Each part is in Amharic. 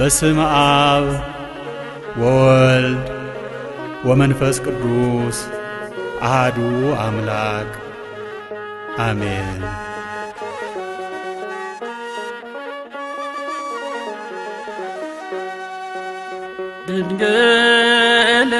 በስም አብ ወወልድ ወመንፈስ ቅዱስ አሃዱ አምላክ አሜን። ድንግል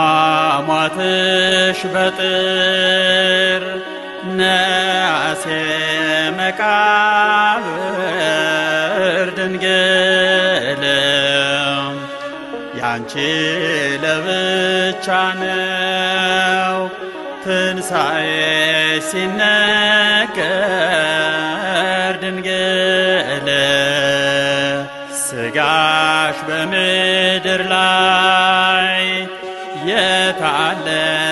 አሟሟትሽ በጥር ነሐሴ መቃብር ድንግል ያንቺ ለብቻ ነው ትንሣኤ ሲነገር ድንግል ስጋሽ በምድር ላይ ካለ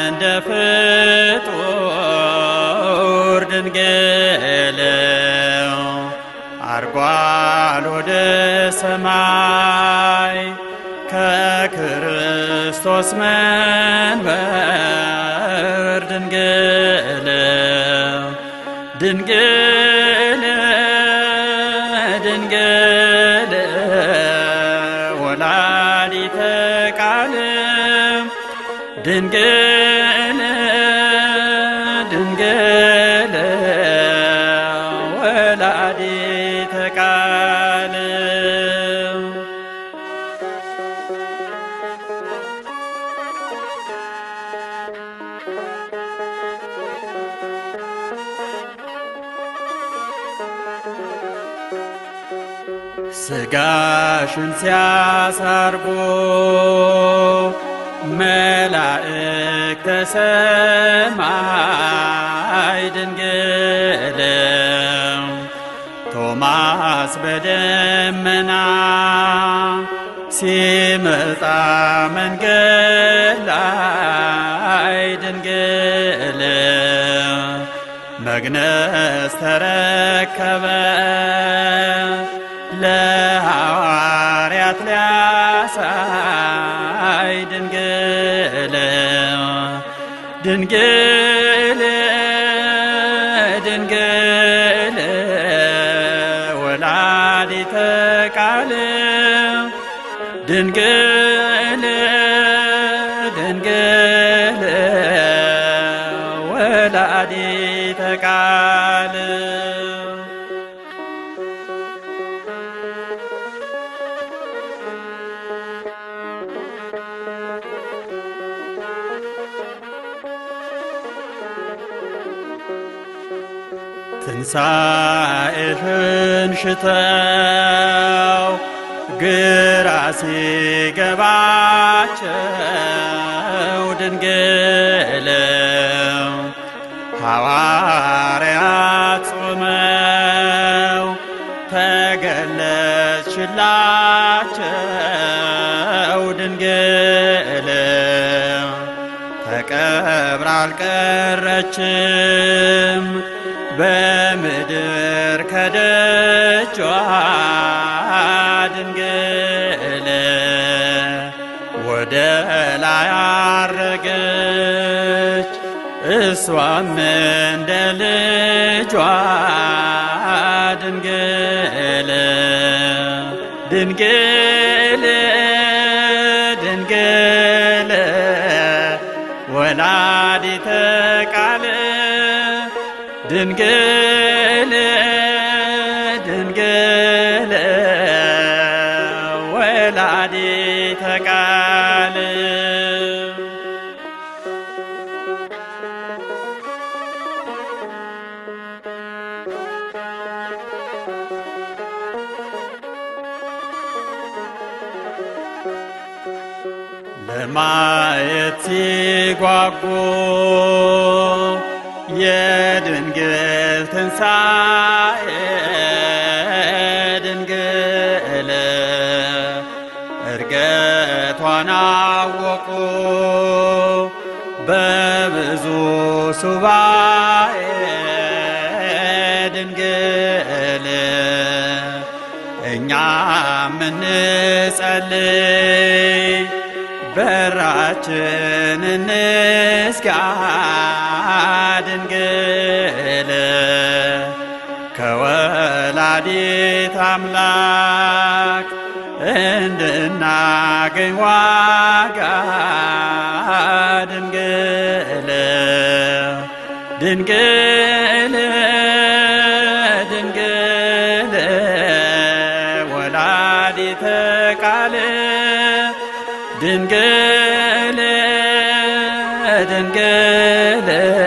እንደ ፍጡር ድንግለው አርጓል ወደ ሰማይ ከክርስቶስ መንበር ድንግለው ድንግል ሥጋሽን ሲያሳርጎ መላእክተ ሰማይ ድንግለው ቶማስ በደመና ሲመጣ መንገድ ላይ ድንግለው ተረከበ ለሐዋርያት ሊያሳይ ድንግል ድንግል ድንግል ወላዲተ ቃል ድንግል ድንግል ወላዲተ ቃል ትንሣኤህን ሽተው ግራ ሲገባቸው ድንግልም ሐዋርያት ጾመው ተገለጽሽላቸው ድንግልም ተቀብራ አልቀረችም። በምድር ከደጇ ድንግል ወደ ላይ አረገች እሷም እንደ ልጇ ድንግል ድንግል ድንግል ወላዲተ ቃል ድንግል ድንግል ወላዲተ ቃል ለማየት ሲጓጉ የድንግል ትንሣኤ ድንግል እርገቷን አወቁ በብዙ ሱባኤ ድንግል እኛ ምንጸልይ በራችን እንስጋ ከወላዲት አምላክ እንድናገኝ ዋጋ ድንግል ድንግል دنقاله دنقاله